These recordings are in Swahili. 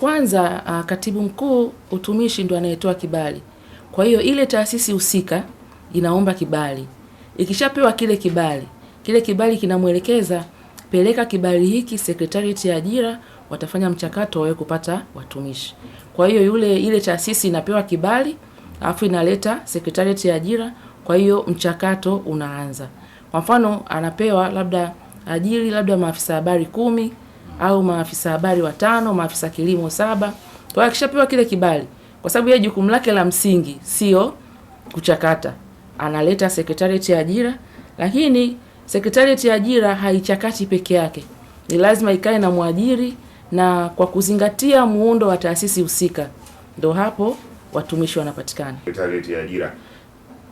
Kwanza uh, katibu mkuu utumishi ndo anayetoa kibali. Kwa hiyo ile taasisi husika inaomba kibali, ikishapewa kile kibali, kile kibali kinamwelekeza peleka kibali hiki sekretarieti ya ajira, watafanya mchakato wawe kupata watumishi. Kwa hiyo yule ile taasisi inapewa kibali alafu inaleta sekretarieti ya ajira, kwa hiyo mchakato unaanza. Kwa mfano anapewa labda ajili labda maafisa habari kumi au maafisa habari watano, maafisa kilimo saba. Kwa hiyo akishapewa kile kibali, kwa sababu yeye jukumu lake la msingi sio kuchakata, analeta sekretarieti ya ajira, lakini sekretarieti ya ajira haichakati peke yake, ni lazima ikae na mwajiri na kwa kuzingatia muundo wa taasisi husika, ndo hapo watumishi wanapatikana. Sekretarieti ya ajira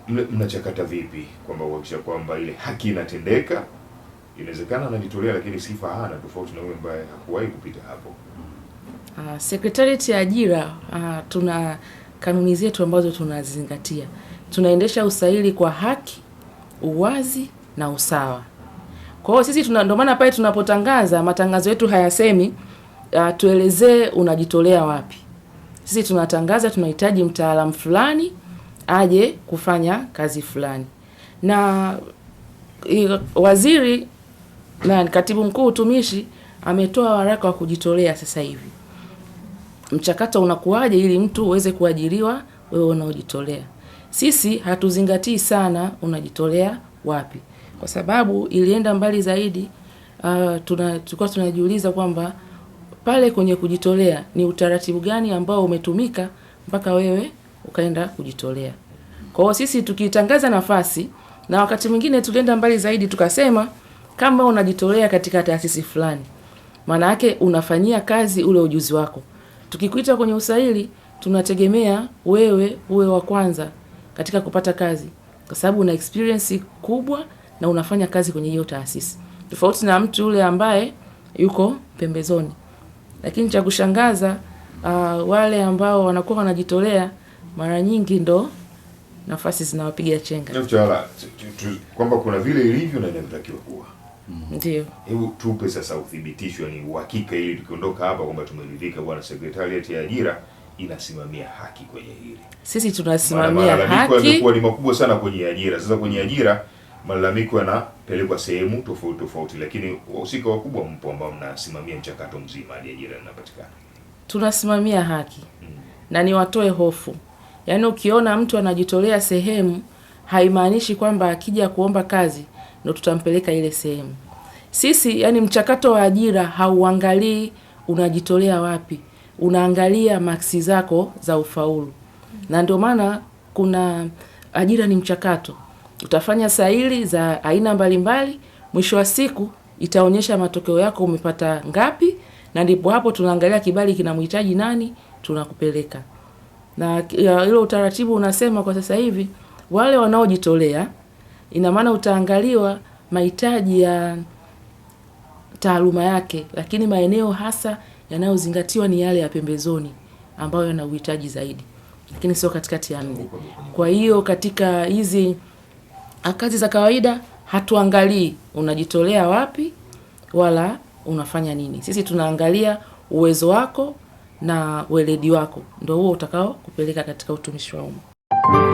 mnachakata vipi kwamba kuhakikisha kwamba ile haki inatendeka? inawezekana anajitolea lakini sifa hana, tofauti na yule ambaye hakuwahi kupita hapo. Uh, ah, Sekretarieti ya Ajira uh, tuna kanuni zetu ambazo tunazingatia. Tunaendesha usaili kwa haki, uwazi na usawa. Kwa hiyo sisi ndio maana pale tunapotangaza matangazo yetu hayasemi uh, tuelezee unajitolea wapi. Sisi tunatangaza tunahitaji mtaalamu fulani aje kufanya kazi fulani, na waziri na katibu mkuu utumishi ametoa waraka wa kujitolea sasa hivi. Mchakato unakuwaje ili mtu uweze kuajiriwa wewe unaojitolea? Sisi hatuzingatii sana unajitolea wapi, kwa sababu ilienda mbali zaidi. Uh, tuna tulikuwa tunajiuliza kwamba pale kwenye kujitolea ni utaratibu gani ambao umetumika mpaka wewe ukaenda kujitolea. Kwa hiyo sisi tukitangaza nafasi, na wakati mwingine tulienda mbali zaidi tukasema kama unajitolea katika taasisi fulani, maana yake unafanyia kazi ule ujuzi wako. Tukikuita kwenye usaili, tunategemea wewe uwe wa kwanza katika kupata kazi, kwa sababu una experience kubwa na unafanya kazi kwenye hiyo taasisi, tofauti na mtu yule ambaye yuko pembezoni. Lakini cha kushangaza uh, wale ambao wanakuwa wanajitolea mara nyingi ndo nafasi zinawapiga chenga, kwamba kuna vile ilivyo na inavyotakiwa kuwa. Mhm. Ndio. Hebu tupe sasa uthibitisho, ni uhakika ili tukiondoka hapa kwamba tumeridhika, bwana Sekretarieti ya Ajira inasimamia haki kwenye hili. Sisi tunasimamia haki. ni makubwa sana kwenye ajira. Sasa kwenye ajira malalamiko yanapelekwa sehemu tofauti tofauti, lakini wahusika wakubwa mpo ambao mnasimamia mchakato mzima hadi ajira inapatikana. Tunasimamia haki mm. na niwatoe hofu, yaani ukiona mtu anajitolea sehemu haimaanishi kwamba akija kuomba kazi ndo tutampeleka ile sehemu. Sisi yani, mchakato wa ajira hauangalii unajitolea wapi, unaangalia maksi zako za ufaulu, na ndio maana kuna ajira ni mchakato, utafanya saili za aina mbalimbali, mwisho wa siku itaonyesha matokeo yako umepata ngapi, na ndipo hapo tunaangalia kibali kinamhitaji nani, tunakupeleka. Na hilo utaratibu unasema kwa sasa hivi wale wanaojitolea ina maana utaangaliwa mahitaji ya taaluma yake, lakini maeneo hasa yanayozingatiwa ni yale ya pembezoni ambayo yana uhitaji zaidi, lakini sio katikati ya mji. Kwa hiyo katika hizi ah, kazi za kawaida hatuangalii unajitolea wapi wala unafanya nini. Sisi tunaangalia uwezo wako na weledi wako, ndio huo utakao kupeleka katika utumishi wa umma.